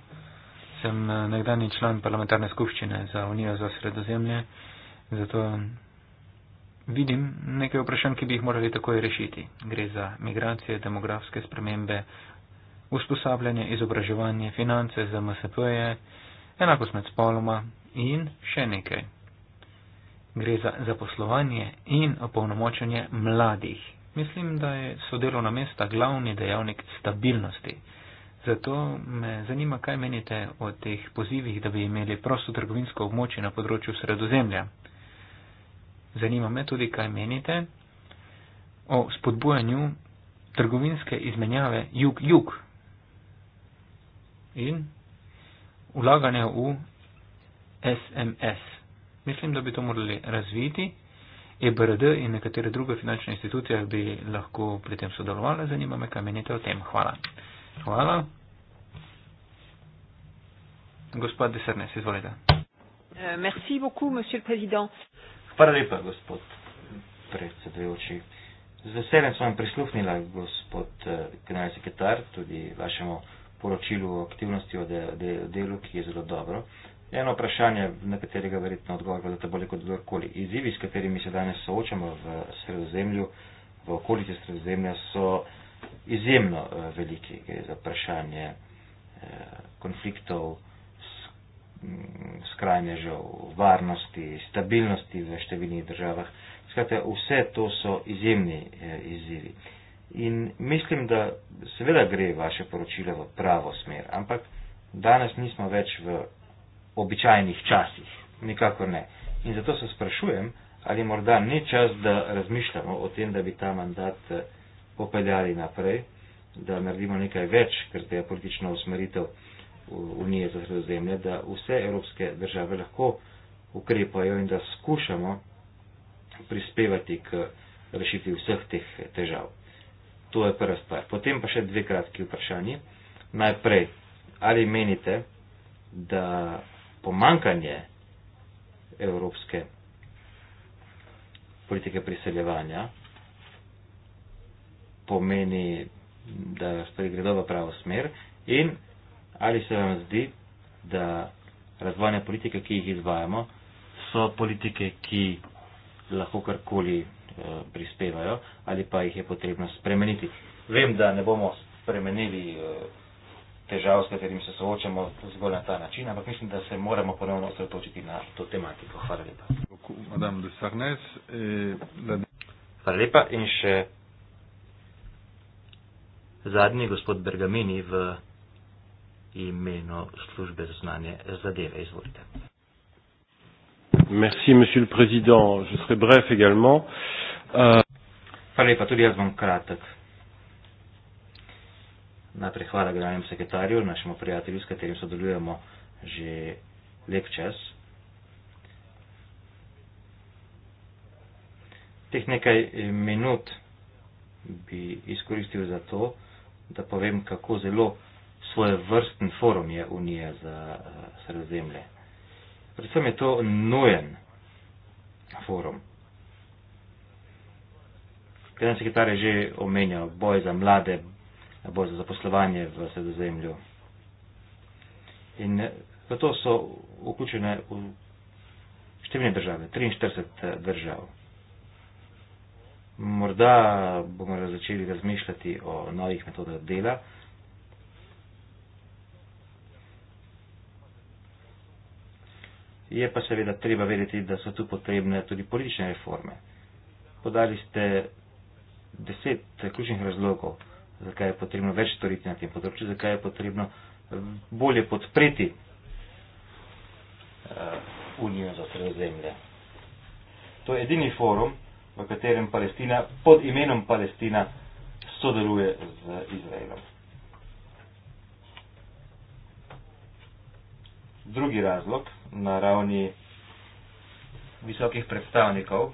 Sem eh, nekdani član parlamentarne skupščine za Unijo za sredozemlje, zato vidim nekaj vprašanj, ki bi jih morali takoj rešiti. Gre za migracije, demografske spremembe, usposabljanje, izobraževanje, finance za MSP-je, enakost med spoloma in še nekaj. Gre za zaposlovanje in opolnomočenje mladih. Mislim, da je sodelovna mesta glavni dejavnik stabilnosti. Zato me zanima, kaj menite o teh pozivih, da bi imeli prosto trgovinsko območje na področju sredozemlja. Zanima me tudi, kaj menite o spodbujanju trgovinske izmenjave jug-jug in vlaganje v SMS. Mislim, da bi to morali razviti. EBRD in nekatere druge finančne institucije bi lahko pri tem sodelovali. Zanima me, kaj menite o tem. Hvala. Hvala. Gospod Desernes, izvolite. Eh, merci beaucoup, monsieur le président. Hvala lepa, gospod predsedujoči. Z veseljem sem vam prisluhnila, gospod eh, generalni sekretar, tudi vašemu poročilu o aktivnosti o de, de, delu, ki je zelo dobro. Eno vprašanje, na katerega verjetno odgovor bo dati bolje kot kdorkoli. Izzivi, s katerimi se danes soočamo v sredozemlju, v okolici sredozemlja, so izjemno eh, veliki. Gre za vprašanje eh, konfliktov, mm, skrajnežev, varnosti, stabilnosti v številnih državah. Skratka, vse to so izjemni eh, izzivi. In mislim, da seveda gre vaše poročilo v pravo smer, ampak danes nismo več v običajnih časih, nikakor ne. In zato se sprašujem, ali morda ni čas, da razmišljamo o tem, da bi ta mandat eh, popeljali naprej, da naredimo nekaj več, ker to je politična usmeritev eh, Unije za sredozemlje, da vse evropske države lahko ukrepajo in da skušamo prispevati k rešitvi vseh teh težav. To je prva stvar. Potem pa še dve kratki vprašanji. Najprej, ali menite, da pomankanje evropske politike priseljevanja pomeni, da stvari gredo v pravo smer in ali se vam zdi, da razvojne politike, ki jih izvajamo, so politike, ki lahko karkoli Eh, prispevajo ali pa jih je potrebno spremeniti. Vem, da ne bomo spremenili eh, težav, s katerim se soočamo zgolj na ta način, ampak mislim, da se moramo ponovno osredotočiti na to tematiko. Hvala lepa. Eh, Hvala lepa in še zadnji gospod Bergamini v imenu službe za znanje zadeve. Izvolite. Merci, monsieur le Président. Je serai bref également. Euh, Uh, hvala lepa, tudi jaz bom kratek. Najprej hvala generalnemu sekretarju, našemu prijatelju, s katerim sodelujemo že lep čas. Teh nekaj eh, minut bi izkoristil za to, da povem, kako zelo svojevrsten forum je Unija za uh, sredozemlje. Predvsem je to nujen forum. Generalni sekretar je že omenjal boj za mlade, boj za zaposlovanje v sredozemlju. In zato eh, so vključene v številne države, 43 eh, držav. Morda bomo začeli razmišljati o novih metodah dela. Je pa seveda treba vedeti, da so tu potrebne tudi politične reforme. Podali ste deset ključnih razlogov, zakaj je potrebno več storiti na tem področju, zakaj je potrebno eh, bolje podpreti uh, Unijo za sredozemlje. To je edini forum, v katerem Palestina pod imenom Palestina sodeluje z Izraelom. Drugi razlog na ravni visokih predstavnikov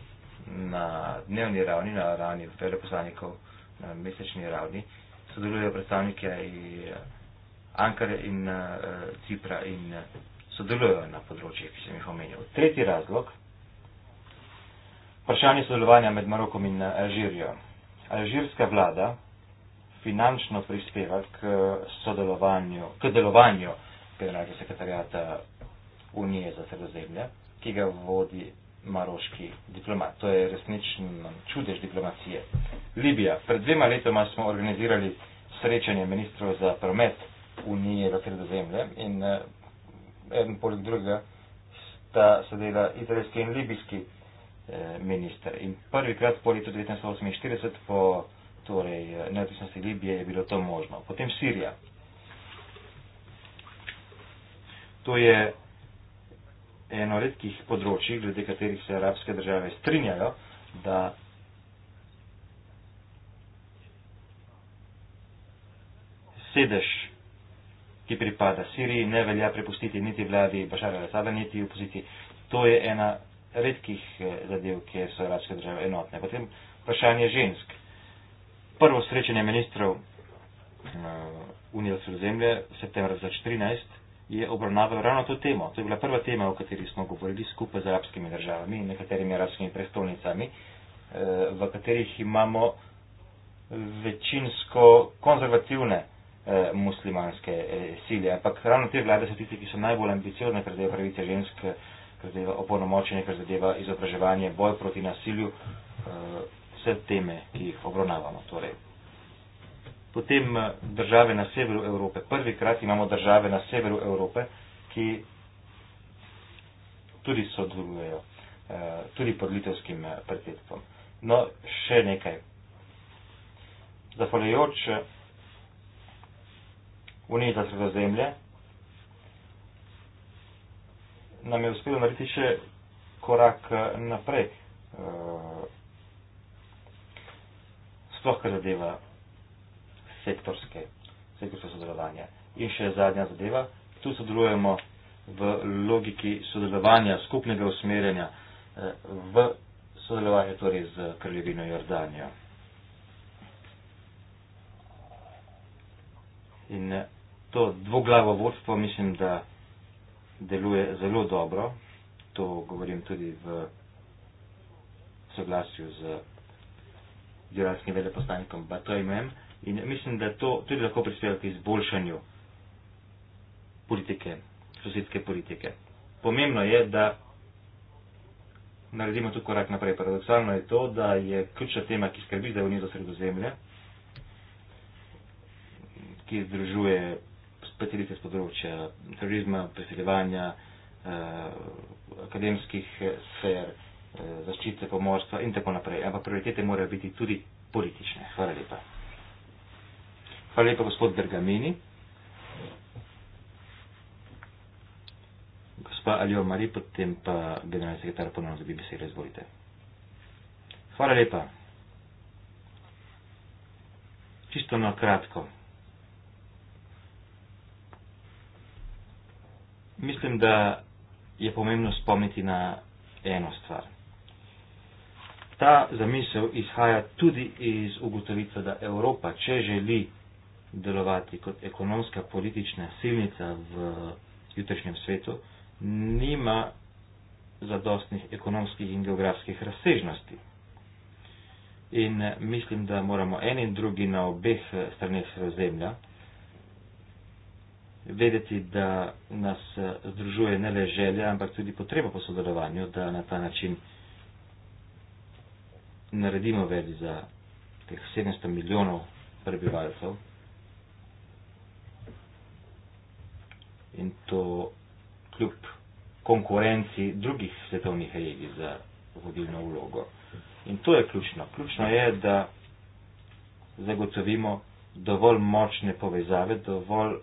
na dnevni ravni, na ravni veleposlanikov, na mesečni ravni, sodelujejo predstavnike Ankare in eh, Cipra in eh, sodelujejo na področjih, ki sem jih omenil. Tretji razlog, vprašanje sodelovanja med Marokom in eh, Alžirijo. Alžirska vlada finančno prispeva k sodelovanju, k delovanju generalnega sekretarjata Unije za sredozemlje, ki ga vodi maroški diplomat. To je resnično čudež diplomacije. Libija. Pred dvema letoma smo organizirali srečanje ministrov za promet Unije v sredozemlje in eden eh, poleg drugega sta sedela italijski in libijski eh, minister. In prvikrat po letu 1948, po torej, eh, neodvisnosti Libije, je bilo to možno. Potem Sirija. To je eno redkih področjih, glede katerih se arabske države strinjajo, da sedež, ki pripada Siriji, ne velja prepustiti niti vladi Bašara Lesada, niti opoziciji. To je ena redkih eh, zadev, kjer so arabske države enotne. Potem vprašanje žensk. Prvo srečanje ministrov uh, Unije od Sredozemlje, septembra 2014, je obravnaval ravno to temo. To je bila prva tema, o kateri smo govorili skupaj z arabskimi državami in nekaterimi arabskimi prestolnicami, eh, v katerih imamo eh, večinsko konzervativne eh, muslimanske sile. Ampak ravno te vlade so tiste, ki so najbolj ambiciozne, kar zadeva pravice žensk, kar zadeva opolnomočenje, kar zadeva izobraževanje, boj proti nasilju, vse teme, ki jih obravnavamo. Torej. Potem eh, države na severu Evrope. Prvi krat imamo države na severu Evrope, ki tudi sodelujejo, eh, tudi pod litovskim eh, predsedstvom. No, še nekaj. Zahvaljujoč Uniji za sredozemlje, nam je uspelo narediti še korak naprej. Sploh, kar zadeva sektorske, sektorske sodelovanje. In še zadnja zadeva, tu sodelujemo v logiki sodelovanja, skupnega usmerjanja eh, v sodelovanju torej z kraljevino Jordanijo. In eh, to dvoglavo vodstvo mislim, da deluje zelo dobro. To govorim tudi v soglasju z iranskim veleposlanikom Batojmem. In mislim, da to tudi lahko prispeva k izboljšanju politike, sosedske politike. Pomembno je, da naredimo tu korak naprej. Paradoksalno je to, da je ključna tema, ki skrbi za unijo sredozemlje, ki združuje specialiste z področja terorizma, preseljevanja, eh, akademskih eh, sfer, eh, zaščite pomorstva in tako naprej. Ampak prioritete morajo biti tudi politične. Hvala lepa. Hvala lepa, gospod Bergamini. Gospa Alijo Mari, potem pa generalni sekretar ponovno dobi besedo, izvolite. Hvala lepa. Čisto na kratko. Mislim, da je pomembno spomniti na eno stvar. Ta zamisel izhaja tudi iz ugotovitve, da Evropa, če želi delovati kot ekonomska politična silnica v jutrišnjem svetu, nima zadostnih ekonomskih in geografskih razsežnosti. In eh, mislim, da moramo en in drugi na obeh eh, straneh sredozemlja vedeti, da nas eh, združuje ne le želja, ampak tudi potreba po sodelovanju, da na ta način naredimo več za teh 700 milijonov prebivalcev. in to kljub konkurenci drugih svetovnih regij za vodilno vlogo. In to je ključno. Ključno je, da zagotovimo dovolj močne povezave, dovolj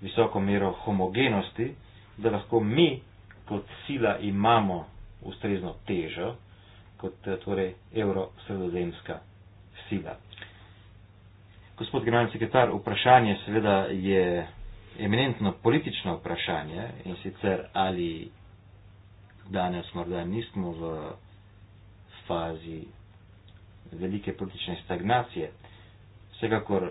visoko mero homogenosti, da lahko mi kot sila imamo ustrezno težo, kot eh, torej evrosredozemska sila. Gospod generalni sekretar, vprašanje seveda je eminentno politično vprašanje in sicer ali danes morda nismo v fazi velike politične stagnacije. Vsekakor eh,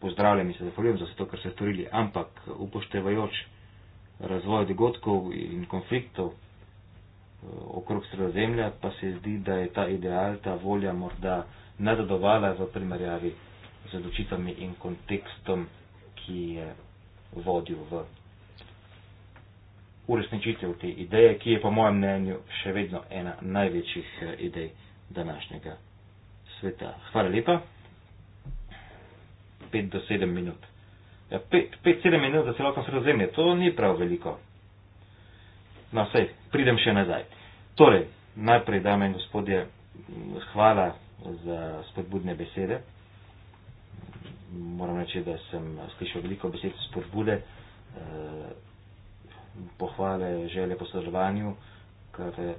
pozdravljam in se zahvaljujem za to, kar ste storili, ampak upoštevajoč razvoj dogodkov in konfliktov eh, okrog sredozemlja, pa se zdi, da je ta ideal, ta volja morda nadodovala v primerjavi z odločitvami in kontekstom, ki je vodil v uresničitev te ideje, ki je po mojem mnenju še vedno ena največjih eh, idej današnjega sveta. Hvala lepa. 5 do 7 minut. 5-7 ja, minut, da se lahko sredozemlje, to ni prav veliko. No, vse, pridem še nazaj. Torej, najprej, dame in gospodje, hvala za spodbudne besede moram reči, da sem slišal veliko besed spodbude, eh, pohvale, želje po sodelovanju, kar eh,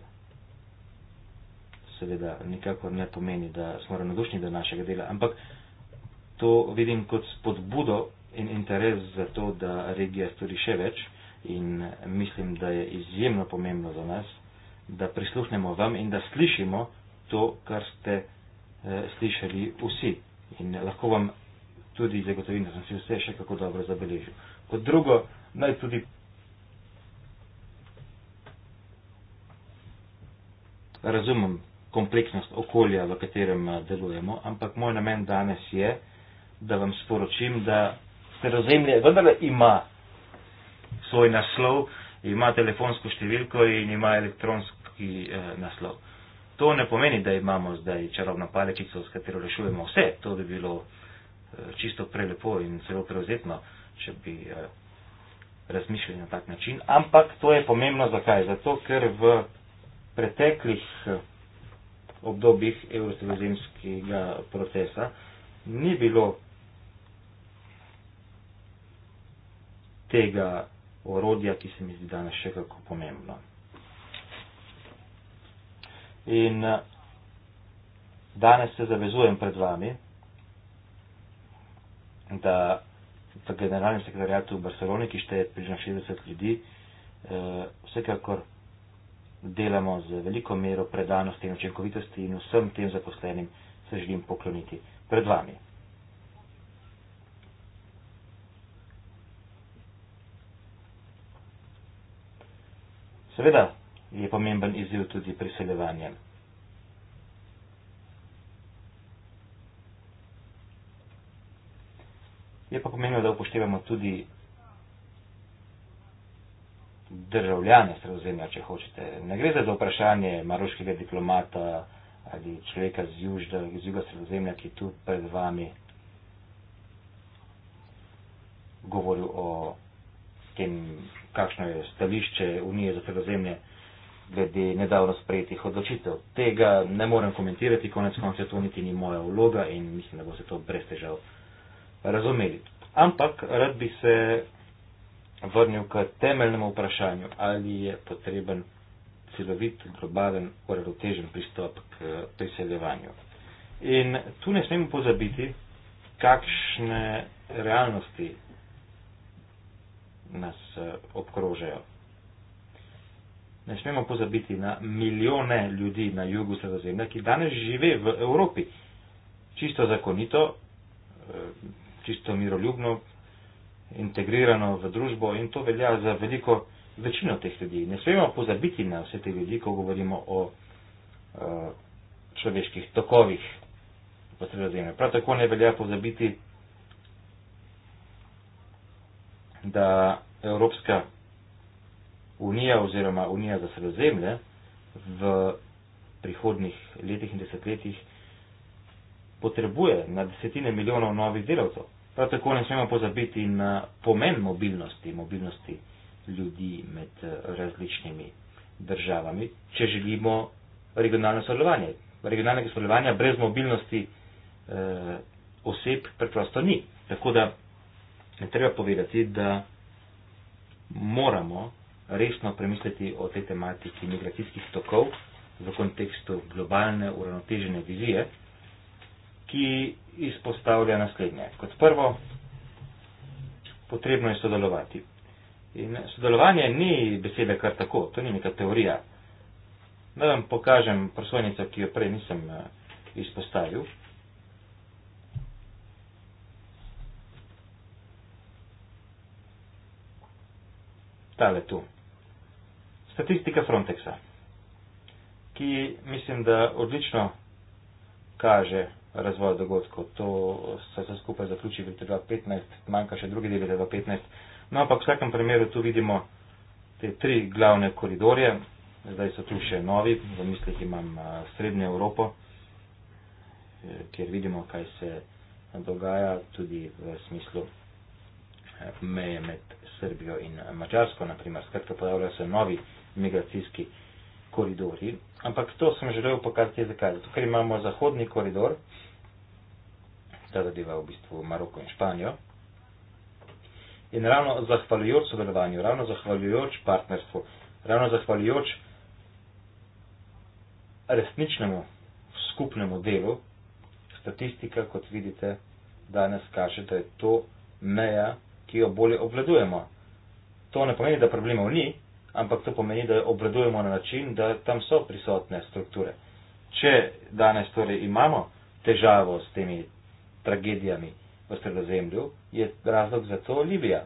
seveda nikakor ne pomeni, da smo ravnodušni do našega dela, ampak to vidim kot spodbudo in interes za to, da regija stori še več in mislim, da je izjemno pomembno za nas, da prisluhnemo vam in da slišimo to, kar ste eh, slišali vsi. In lahko vam tudi zagotovim, da sem si vse še kako dobro zabeležil. Kot drugo, naj tudi razumem kompleksnost okolja, v katerem eh, delujemo, ampak moj namen danes je, da vam sporočim, da Sredozemlje vendarle ima svoj naslov, ima telefonsko številko in ima elektronski eh, naslov. To ne pomeni, da imamo zdaj čarobno paličico, s katero rešujemo vse. To bi bilo eh, Eh, čisto prelepo in zelo prevzetno, če bi eh, razmišljali na tak način. Ampak to je pomembno zakaj? Zato, ker v preteklih eh, obdobjih evrosredozemskega procesa ni bilo tega orodja, ki se mi zdi danes še kako pomembno. In danes se zavezujem pred vami, da v generalnem sekretarjatu v Barceloni, ki šteje približno 60 ljudi, eh, vsekakor delamo z veliko mero predanosti in učinkovitosti in vsem tem zaposlenim se želim pokloniti pred vami. Seveda je pomemben izziv tudi priseljevanje. Je pa pomembno, da upoštevamo tudi državljane sredozemlja, če hočete. Ne gre za vprašanje maroškega diplomata ali človeka z, južda, z juga sredozemlja, ki tu pred vami govoril o tem, kakšno je stališče Unije za sredozemlje glede nedavno sprejetih odločitev. Tega ne morem komentirati, konec konca to niti ni moja vloga in mislim, da bo se to brez težav razumeli. Ampak rad bi se vrnil k temeljnemu vprašanju, ali je potreben celovit, globalen, uravnotežen pristop k priseljevanju. In tu ne smemo pozabiti, kakšne realnosti nas eh, obkrožajo. Ne smemo pozabiti na milijone ljudi na jugu sredozemlja, ki danes žive v Evropi. Čisto zakonito, eh, čisto miroljubno, integrirano v družbo in to velja za veliko večino teh ljudi. Ne smemo pozabiti na vse te ljudi, ko govorimo o eh, človeških tokovih v sredozemlju. Prav tako ne velja pozabiti, da Evropska unija oziroma Unija za sredozemlje v prihodnih letih in desetletjih potrebuje na desetine milijonov novih delavcev. Prav tako ne smemo pozabiti na pomen mobilnosti, mobilnosti ljudi med eh, različnimi državami, če želimo regionalno sodelovanje. Regionalnega sodelovanja brez mobilnosti eh, oseb preprosto ni. Tako da ne treba povedati, da moramo resno premisliti o tej tematiki migracijskih tokov v kontekstu globalne uravnotežene vizije ki izpostavlja naslednje. Kot prvo, potrebno je sodelovati. In sodelovanje ni beseda kar tako, to ni neka teorija. Da vam pokažem prosojnico, ki jo prej nisem eh, izpostavil. Tale tu. Statistika Frontexa, ki mislim, da odlično kaže razvoj dogodkov. To se vse skupaj zaključi v 2015, manjka še drugi del 2015. No, ampak v vsakem primeru tu vidimo te tri glavne koridorje. Zdaj so tu še novi, v mislih imam Srednjo Evropo, e, kjer vidimo, kaj se dogaja tudi v smislu e, meje med Srbijo in Mačarsko, naprimer. Skratka, pojavljajo se novi migracijski koridori, ampak to sem želel pokazati, zakaj. Zato, ker imamo zahodni koridor, ta zadeva v bistvu Maroko in Španijo, in ravno zahvaljujoč sodelovanju, ravno zahvaljujoč partnerstvu, ravno zahvaljujoč resničnemu skupnemu delu, statistika, kot vidite, danes kaže, da je to meja, ki jo bolje obvladujemo. To ne pomeni, da problemov ni, ampak to pomeni, da jo obvladujemo na način, da tam so prisotne strukture. Če danes torej imamo težavo s temi tragedijami v sredozemlju, je razlog za to Libija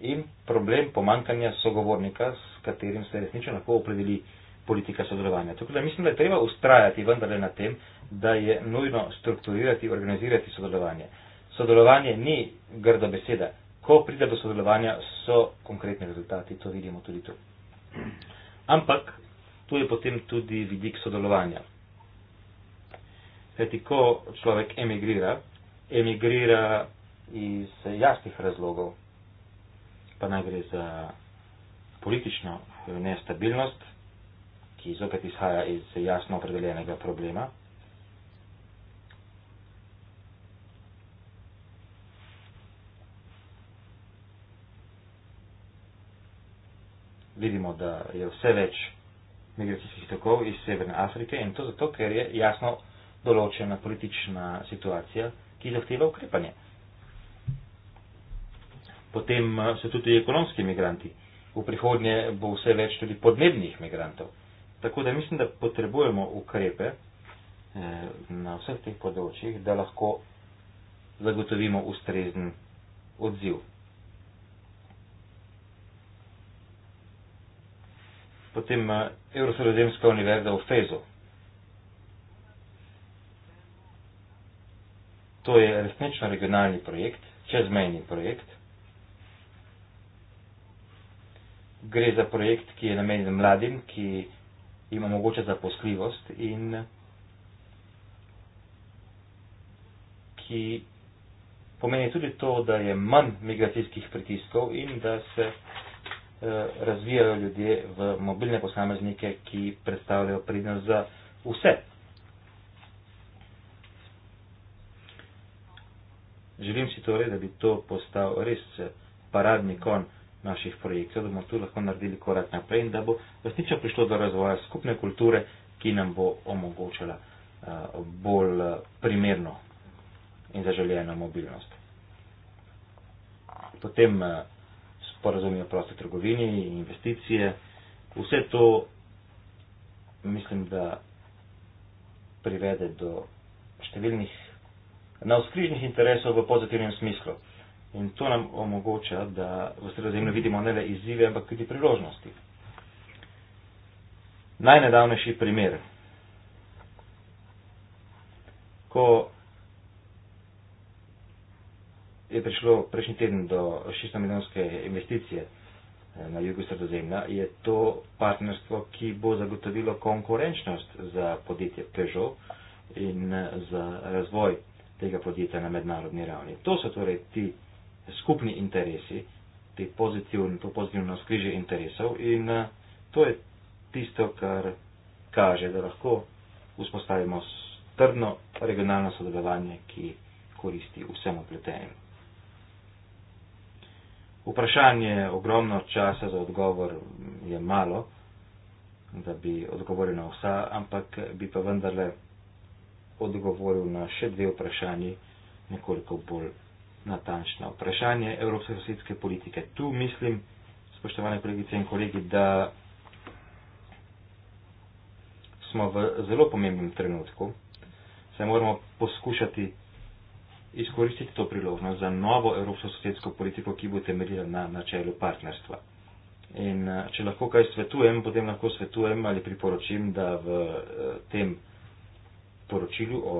in problem pomankanja sogovornika, s katerim se resnično lahko opredeli politika sodelovanja. Tako da mislim, da je treba ustrajati vendarle na tem, da je nujno strukturirati, organizirati sodelovanje. Sodelovanje ni grda beseda, ko pride do sodelovanja, so konkretni rezultati, to vidimo tudi tu. Ampak tu je potem tudi vidik sodelovanja. Kajti, ko človek emigrira, emigrira iz jasnih razlogov, pa naj gre za politično nestabilnost, ki zopet izhaja iz jasno opredeljenega problema, vidimo, da je vse več migracijskih tokov iz Severne Afrike in to zato, ker je jasno določena politična situacija, ki zahteva ukrepanje. Potem eh, so tudi ekonomski migranti. V prihodnje bo vse več tudi podnebnih migrantov. Tako da mislim, da potrebujemo ukrepe eh, na vseh teh področjih, da lahko zagotovimo ustrezen odziv. potem eh, Evrosredozemska univerza v Fezu. To je resnično regionalni projekt, čezmejni projekt. Gre za projekt, ki je namenjen mladim, ki jim omogoča zaposljivost in ki pomeni tudi to, da je manj migracijskih pritiskov in da se Eh, razvijajo ljudje v mobilne posameznike, ki predstavljajo prednost za vse. Želim si torej, da bi to postal res eh, paradni kon naših projekcij, da bomo tu lahko naredili korak naprej in da bo resnično prišlo do razvoja skupne kulture, ki nam bo omogočala eh, bolj primerno in zaželjeno mobilnost. Potem sporazumi o proste trgovini, investicije, vse to mislim, da privede do številnih navskrižnih interesov v pozitivnem smislu. In to nam omogoča, da v sredozemlju vidimo ne le izzive, ampak tudi priložnosti. Najnedavnejši primer. Ko je prišlo prejšnji teden do 600 milijonske investicije eh, na jugu sredozemlja, je to partnerstvo, ki bo zagotovilo konkurenčnost za podjetje Peugeot in eh, za razvoj tega podjetja na mednarodni ravni. To so torej ti skupni interesi, ti pozitivn, to pozitivno skrižje interesov in eh, to je tisto, kar kaže, da lahko vzpostavimo trdno regionalno sodelovanje, ki koristi vsem upletenim. Vprašanje je ogromno časa za odgovor, je malo, da bi odgovoril na vsa, ampak bi pa vendarle odgovoril na še dve vprašanji, nekoliko bolj natančna. Vprašanje evropske sosedske politike. Tu mislim, spoštovane kolegice in kolegi, da smo v zelo pomembnem trenutku, saj moramo poskušati izkoristiti to priložnost za novo evropsko sosedsko politiko, ki bo temeljila na načelu partnerstva. In eh, če lahko kaj svetujem, potem lahko svetujem ali priporočim, da v eh, tem poročilu o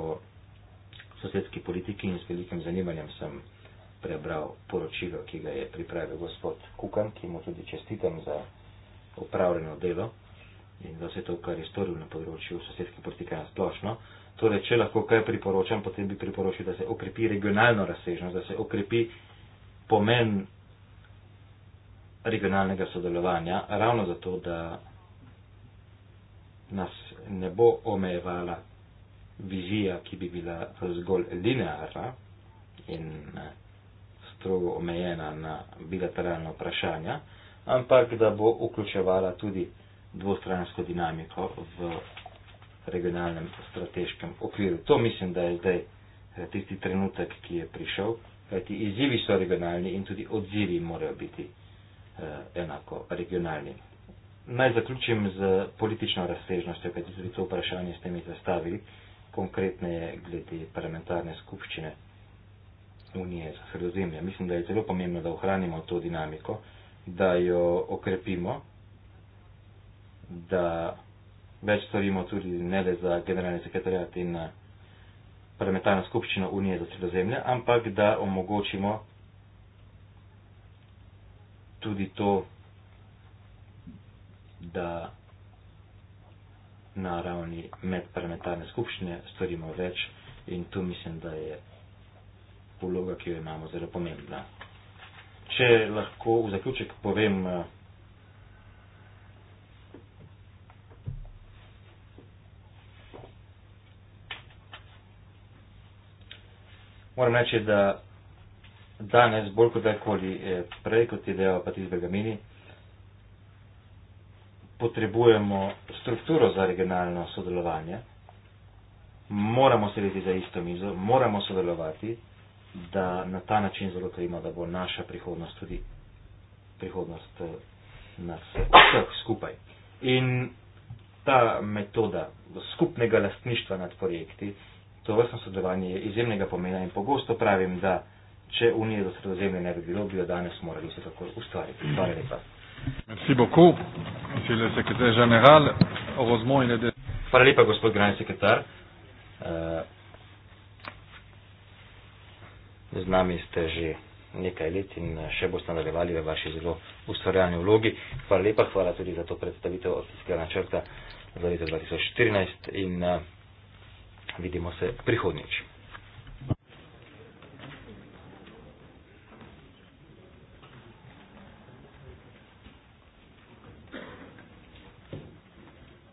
sosedski politiki in s velikim zanimanjem sem prebral poročilo, ki ga je pripravil gospod Kukan, ki mu tudi čestitam za upravljeno delo in za vse to, kar je storil na področju sosedske politike na splošno. Torej, če lahko kaj priporočam, potem bi priporočil, da se okrepi regionalno razsežnost, da se okrepi pomen regionalnega sodelovanja, ravno zato, da nas ne bo omejevala vizija, ki bi bila zgolj linearna in eh, strogo omejena na bilateralno vprašanje, ampak da bo vključevala tudi dvostransko dinamiko v regionalnem strateškem okviru. To mislim, da je zdaj eh, tisti trenutek, ki je prišel, kajti izzivi so regionalni in tudi odzivi morajo biti eh, enako regionalni. Naj zaključim z politično razsežnostjo, kajti tudi to vprašanje ste mi zastavili, konkretne glede parlamentarne skupščine Unije za sredozemlje. Mislim, da je zelo pomembno, da ohranimo to dinamiko, da jo okrepimo, da več storimo tudi ne le za generalni sekretarjat in eh, parlamentarno skupščino Unije za sredozemlje, ampak da omogočimo tudi to, da na ravni medparlamentarne skupščine storimo več in tu mislim, da je vloga, ki jo imamo, zelo pomembna. Če lahko v zaključek povem, eh, Moram reči, da danes bolj kot kdajkoli eh, prej, kot je dejal pa tisti Bergamini, potrebujemo strukturo za regionalno sodelovanje. Moramo sedeti za isto mizo, moramo sodelovati, da na ta način zagotovimo, da bo naša prihodnost tudi prihodnost eh, nas vseh skupaj. In ta metoda skupnega lastništva nad projekti, To vrstno sodelovanje je izjemnega pomena in pogosto pravim, da če Unije za sredozemlje ne bi bilo, bi jo danes morali vse tako ustvariti. Hvala lepa. Merci beaucoup, monsieur le secrétaire général. Heureusement, il est de... Hvala lepa, gospod grani sekretar. Eh, z nami ste že nekaj let in eh, še boste nadaljevali v vaši zelo ustvarjalni vlogi. Hvala lepa, hvala tudi za to predstavitev akcijskega načrta za leto 2014 in eh, vidimo se prihodnič.